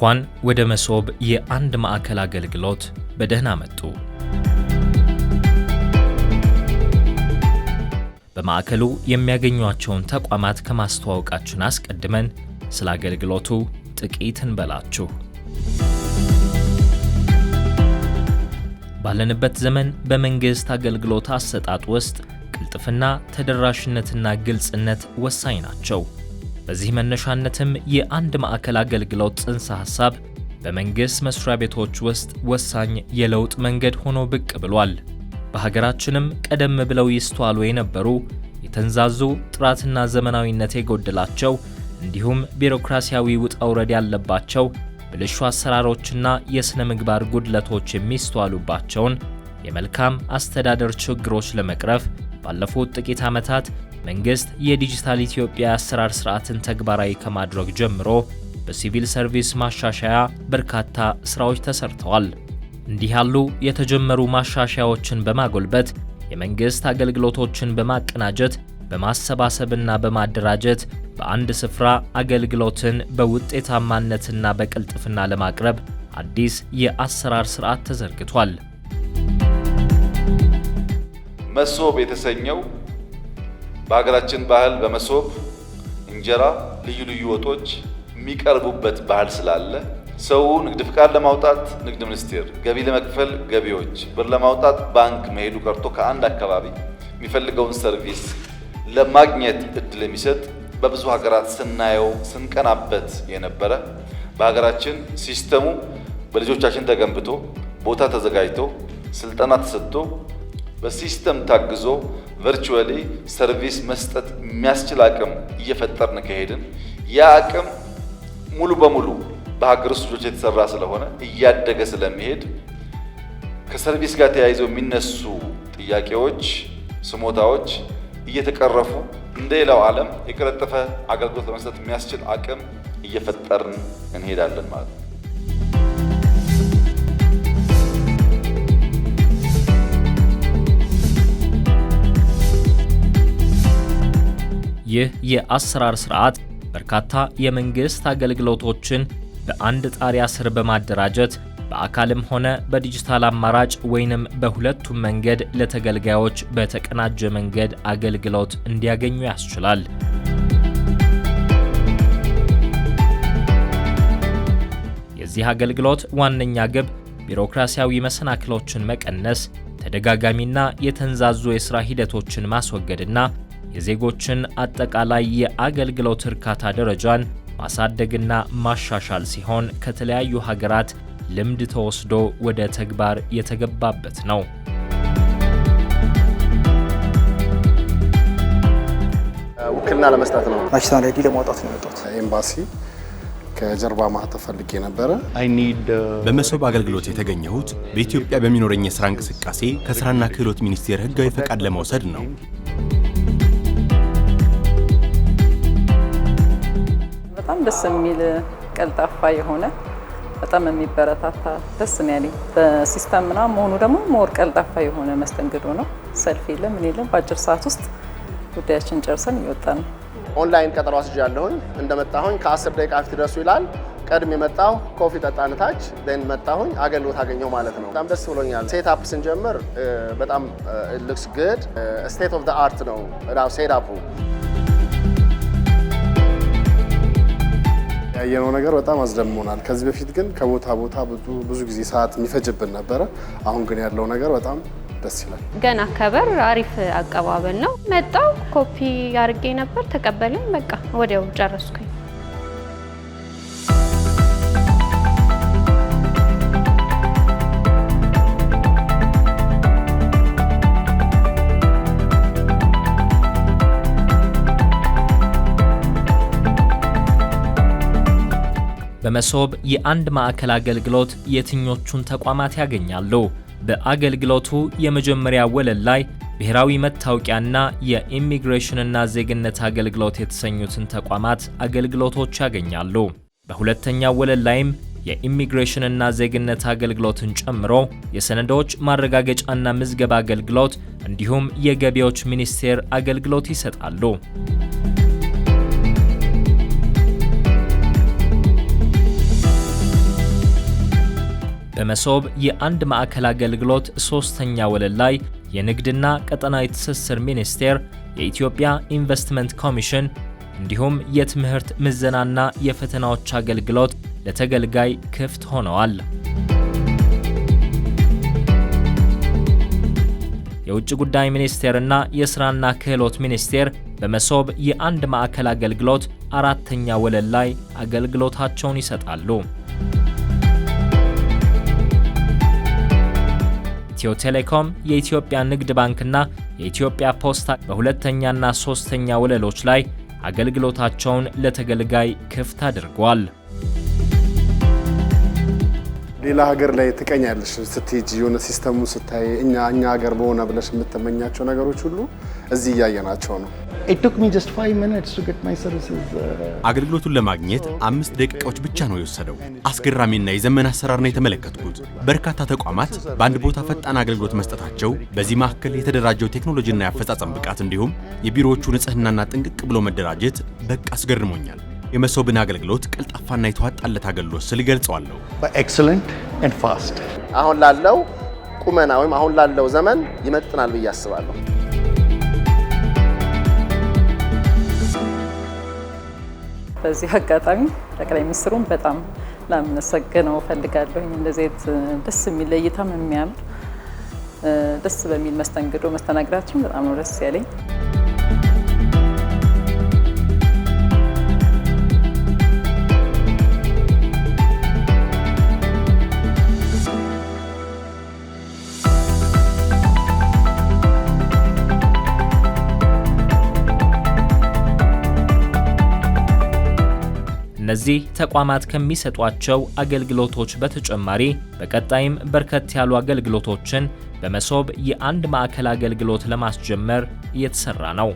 እንኳን ወደ መሶብ የአንድ ማዕከል አገልግሎት በደህና መጡ። በማዕከሉ የሚያገኟቸውን ተቋማት ከማስተዋወቃችሁን አስቀድመን ስለ አገልግሎቱ ጥቂት እንበላችሁ። ባለንበት ዘመን በመንግሥት አገልግሎት አሰጣጥ ውስጥ ቅልጥፍና፣ ተደራሽነትና ግልጽነት ወሳኝ ናቸው። በዚህ መነሻነትም የአንድ ማዕከል አገልግሎት ጽንሰ ሐሳብ በመንግሥት መስሪያ ቤቶች ውስጥ ወሳኝ የለውጥ መንገድ ሆኖ ብቅ ብሏል። በሀገራችንም ቀደም ብለው ይስተዋሉ የነበሩ የተንዛዙ ጥራትና ዘመናዊነት የጎደላቸው እንዲሁም ቢሮክራሲያዊ ውጣ ውረድ ያለባቸው ብልሹ አሰራሮችና የሥነ ምግባር ጉድለቶች የሚስተዋሉባቸውን የመልካም አስተዳደር ችግሮች ለመቅረፍ ባለፉት ጥቂት ዓመታት መንግስት የዲጂታል ኢትዮጵያ አሰራር ስርዓትን ተግባራዊ ከማድረግ ጀምሮ በሲቪል ሰርቪስ ማሻሻያ በርካታ ስራዎች ተሰርተዋል። እንዲህ ያሉ የተጀመሩ ማሻሻያዎችን በማጎልበት የመንግስት አገልግሎቶችን በማቀናጀት በማሰባሰብና በማደራጀት በአንድ ስፍራ አገልግሎትን በውጤታማነትና በቅልጥፍና ለማቅረብ አዲስ የአሰራር ስርዓት ተዘርግቷል። መሶብ የተሰኘው በሀገራችን ባህል በመሶብ እንጀራ፣ ልዩ ልዩ ወጦች የሚቀርቡበት ባህል ስላለ ሰው ንግድ ፍቃድ ለማውጣት ንግድ ሚኒስቴር፣ ገቢ ለመክፈል ገቢዎች፣ ብር ለማውጣት ባንክ መሄዱ ቀርቶ ከአንድ አካባቢ የሚፈልገውን ሰርቪስ ለማግኘት እድል የሚሰጥ በብዙ ሀገራት ስናየው ስንቀናበት የነበረ በሀገራችን ሲስተሙ በልጆቻችን ተገንብቶ ቦታ ተዘጋጅቶ ስልጠና ተሰጥቶ በሲስተም ታግዞ ቨርቹዋሊ ሰርቪስ መስጠት የሚያስችል አቅም እየፈጠርን ከሄድን ያ አቅም ሙሉ በሙሉ በሀገር ውስጥ ልጆች የተሰራ ስለሆነ እያደገ ስለሚሄድ ከሰርቪስ ጋር ተያይዘው የሚነሱ ጥያቄዎች፣ ስሞታዎች እየተቀረፉ እንደ ሌላው ዓለም የቀለጠፈ አገልግሎት ለመስጠት የሚያስችል አቅም እየፈጠርን እንሄዳለን ማለት ነው። ይህ የአሰራር ስርዓት በርካታ የመንግስት አገልግሎቶችን በአንድ ጣሪያ ስር በማደራጀት በአካልም ሆነ በዲጂታል አማራጭ ወይንም በሁለቱም መንገድ ለተገልጋዮች በተቀናጀ መንገድ አገልግሎት እንዲያገኙ ያስችላል። የዚህ አገልግሎት ዋነኛ ግብ ቢሮክራሲያዊ መሰናክሎችን መቀነስ፣ ተደጋጋሚና የተንዛዙ የሥራ ሂደቶችን ማስወገድና የዜጎችን አጠቃላይ የአገልግሎት እርካታ ደረጃን ማሳደግና ማሻሻል ሲሆን ከተለያዩ ሀገራት ልምድ ተወስዶ ወደ ተግባር የተገባበት ነው። ውክልና ለመስጠት ነው። ናሽናል አይዲ ለማውጣት ነው የመጣሁት። ኤምባሲ ከጀርባ ማህተም ፈልጌ ነበረ። uh, በመሶብ አገልግሎት የተገኘሁት በኢትዮጵያ በሚኖረኝ የስራ እንቅስቃሴ ከስራና ክህሎት ሚኒስቴር ህጋዊ ፈቃድ ለመውሰድ ነው። በጣም ደስ የሚል ቀልጣፋ የሆነ በጣም የሚበረታታ ደስ ነው ያለኝ። በሲስተም ምናምን መሆኑ ደግሞ ሞር ቀልጣፋ የሆነ መስተንግዶ ነው። ሰልፍ የለም ምን የለም። በአጭር ሰዓት ውስጥ ጉዳያችን ጨርሰን እየወጣ ነው። ኦንላይን ቀጠሮ ያለሁኝ እንደመጣሁኝ ከ10 ደቂቃ ፊት ደርሱ ይላል። ቀድም የመጣሁ ኮፊ ጠጣን ታች ን መጣሁኝ አገልግሎት አገኘው ማለት ነው። በጣም ደስ ብሎኛል። ሴትፕ ስንጀምር በጣም ልክስ ግድ ስቴት ኦፍ ዘ አርት ነው ሴትፑ ያየነው ነገር በጣም አስደምሞናል። ከዚህ በፊት ግን ከቦታ ቦታ ብዙ ጊዜ ሰዓት የሚፈጅብን ነበረ። አሁን ግን ያለው ነገር በጣም ደስ ይላል። ገና ከበር አሪፍ አቀባበል ነው። መጣው ኮፒ አድርጌ ነበር ተቀበለኝ። በቃ ወዲያው ጨረስኩኝ። በመሶብ የአንድ ማዕከል አገልግሎት የትኞቹን ተቋማት ያገኛሉ? በአገልግሎቱ የመጀመሪያ ወለል ላይ ብሔራዊ መታወቂያና የኢሚግሬሽንና ዜግነት አገልግሎት የተሰኙትን ተቋማት አገልግሎቶች ያገኛሉ። በሁለተኛው ወለል ላይም የኢሚግሬሽንና ዜግነት አገልግሎትን ጨምሮ የሰነዶች ማረጋገጫና ምዝገባ አገልግሎት እንዲሁም የገቢዎች ሚኒስቴር አገልግሎት ይሰጣሉ። በመሶብ የአንድ ማዕከል አገልግሎት ሶስተኛ ወለል ላይ የንግድና ቀጠናዊ ትስስር ሚኒስቴር፣ የኢትዮጵያ ኢንቨስትመንት ኮሚሽን እንዲሁም የትምህርት ምዘናና የፈተናዎች አገልግሎት ለተገልጋይ ክፍት ሆነዋል። የውጭ ጉዳይ ሚኒስቴርና የስራና ክህሎት ሚኒስቴር በመሶብ የአንድ ማዕከል አገልግሎት አራተኛ ወለል ላይ አገልግሎታቸውን ይሰጣሉ። ኢትዮ ቴሌኮም፣ የኢትዮጵያ ንግድ ባንክና የኢትዮጵያ ፖስታ በሁለተኛና ሶስተኛ ወለሎች ላይ አገልግሎታቸውን ለተገልጋይ ክፍት አድርጓል። ሌላ ሀገር ላይ ትቀኛለሽ ስትሄጂ የሆነ ሲስተሙ ስታይ እኛ እኛ ሀገር በሆነ ብለሽ የምትመኛቸው ነገሮች ሁሉ እዚህ እያየናቸው ነው። አገልግሎቱን ለማግኘት አምስት ደቂቃዎች ብቻ ነው የወሰደው። አስገራሚና የዘመን አሰራር ነው የተመለከትኩት። በርካታ ተቋማት በአንድ ቦታ ፈጣን አገልግሎት መስጠታቸው በዚህ መካከል የተደራጀው ቴክኖሎጂና የአፈጻጸም ብቃት እንዲሁም የቢሮዎቹ ንጽህናና ጥንቅቅ ብሎ መደራጀት በቃ አስገርሞኛል። የመሶብን አገልግሎት ቀልጣፋና የተዋጣለት አገልግሎት ስል ገልጸዋለሁ። አሁን ላለው ቁመና ወይም አሁን ላለው ዘመን ይመጥናል ብዬ አስባለሁ። በዚህ አጋጣሚ ጠቅላይ ሚኒስትሩን በጣም ላመሰግነው ፈልጋለሁኝ። እንደዚህ አይነት ደስ የሚል ለእይታም የሚያምር ደስ በሚል መስተንግዶ መስተናግዳችን በጣም ነው ደስ ያለኝ። እነዚህ ተቋማት ከሚሰጧቸው አገልግሎቶች በተጨማሪ በቀጣይም በርከት ያሉ አገልግሎቶችን በመሶብ የአንድ ማዕከል አገልግሎት ለማስጀመር እየተሰራ ነው።